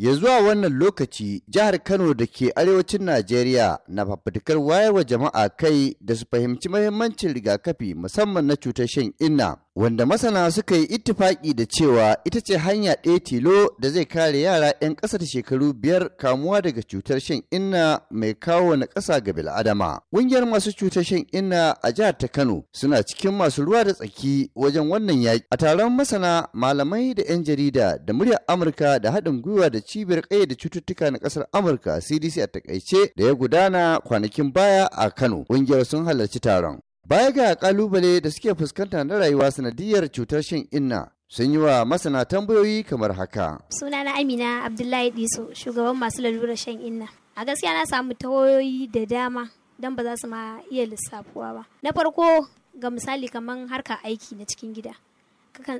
ya zuwa wannan lokaci jihar kano da ke arewacin najeriya na fafutukar wayarwa jama'a kai da su fahimci mahimmancin rigakafi musamman na cutar shan inna wanda masana suka yi ittifaki da cewa ita ce hanya ɗaya tilo da zai kare yara 'yan ƙasa da shekaru biyar kamuwa daga cutar shan inna mai kawo na ƙasa ga bil'adama. Ƙungiyar masu cutar shan inna a jihar ta Kano suna cikin masu ruwa da tsaki wajen wannan yaƙi. A taron masana, malamai da 'yan jarida da muryar Amurka da haɗin gwiwa da cibiyar ƙaya da cututtuka na ƙasar Amurka CDC a takaice da ya gudana kwanakin baya a Kano. Ƙungiyar sun halarci taron. Baya ga kalubale da suke fuskanta na rayuwa sanadiyar cutar shan inna sun yi wa masana tambayoyi kamar haka. Sunana Amina Abdullahi Diso, shugaban masu lalurar shan inna. A gaskiya na samu tawayoyi da dama don ba za su ma iya lissafuwa ba. Na farko ga misali kamar harka aiki na cikin gida.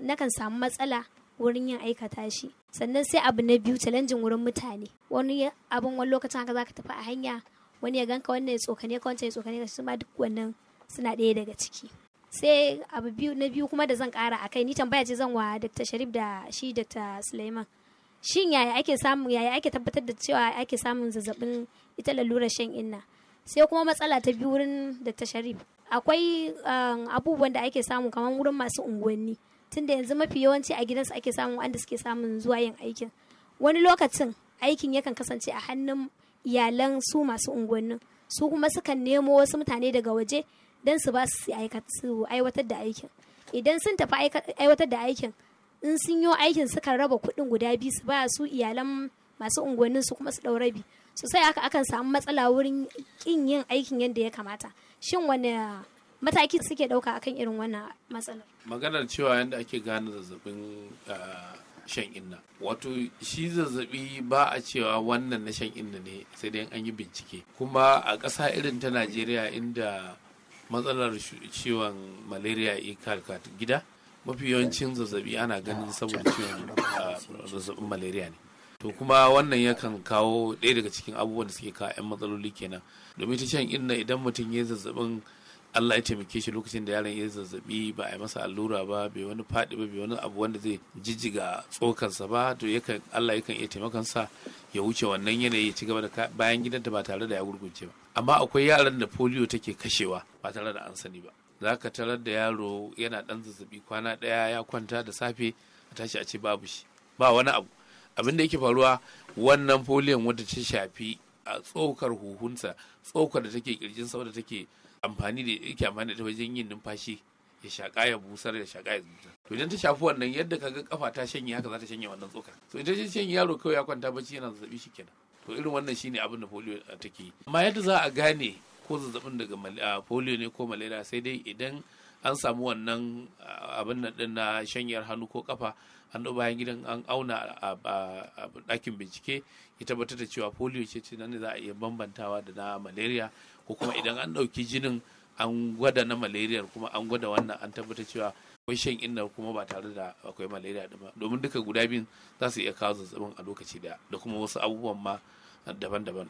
Nakan samu matsala wurin yin aikata shi. Sannan sai abu na biyu talanjin wurin mutane. Wani abin wani lokacin haka za ka tafi a hanya wani ya ganka wannan ya tsokane ka wancan ya tsokane ka shi ma duk wannan suna ɗaya daga ciki sai abu biyu na biyu kuma da zan ƙara a kai ni tambaya ce zan wa dr sharif da shi dr suleiman shin yaya ake samu yaya ake tabbatar da cewa ake samun zazzabin ita lalurar shan inna sai kuma matsala ta biyu wurin dr sharif akwai um, abubuwan da ake samu kamar wurin masu unguwanni tunda yanzu mafi yawanci a gidansu ake samun wanda suke samun zuwa yin aikin wani lokacin aikin yakan kasance a hannun iyalan su masu unguwannin su kuma sukan nemo wasu mutane daga waje don su ba su aiwatar da aikin idan sun tafi aiwatar da aikin in sun yi aikin sukan raba kuɗin guda biyu su ba su iyalan masu unguwannin su kuma su ɗau rabi sosai haka akan samu matsala wurin kin yin aikin yadda ya kamata shin wani mataki suke ɗauka akan irin wannan matsalar maganar cewa yadda ake gane zazzabin ah, shan inna wato shi zazzabi ba a cewa wannan na shan inna ne sai dai an yi bincike kuma a ƙasa irin ta najeriya inda matsalar ciwon malaria ikal gida mafi yawancin zazzabi ana ganin saboda ciwon ah, zazzabin malaria ne to kuma wannan yakan kawo ɗaya daga cikin abubuwan da suke kawo 'yan matsaloli kenan domin ta shan inna idan mutum ya zazzabin Allah ya taimake shi lokacin da yaron ya zazzabi ba a yi masa allura ba bai wani faɗi ba bai wani abu wanda zai jijjiga tsokarsa ba to Allah yakan iya taimakansa ya wuce wannan yanayi ya ci gaba da bayan gidanta ba tare da ya gurgunce ba amma akwai yaran da polio take kashewa ba tare da an sani ba za ka tarar da yaro yana ɗan zazzabi kwana ɗaya ya kwanta da safe a tashi a ce babu shi ba wani abu abin da yake faruwa wannan foliyon wanda ta shafi a tsokar huhunsa tsokar da take kirjin sau da take amfani da yake amfani da wajen yin numfashi ya shaƙa ya busar ya shaƙa ya busar to idan ta shafi wannan yadda ka ga kafa ta shanye haka za ta shanye wannan tsokar to idan ta shanye yaro kawai ya kwanta bacci yana zazzabi shi kenan to irin wannan shine abin da polio eh, take yi amma yadda za a gane ko zazzabin daga ah, polio ne ko malaria sai dai idan an samu wannan ah, abin nan din na shanyar hannu ko kafa an ɗau bayan gidan an auna a ɗakin bincike ya tabbatar da cewa polio ce ce nan ne za a iya bambantawa da na malaria ko kuma idan an ɗauki jinin an gwada na malaria kuma an gwada wannan an tabbata cewa akwai shan inna kuma ba tare da akwai malaria ba domin duka guda biyun za su iya kawo zazzabin a lokaci daya da kuma wasu abubuwan ma daban-daban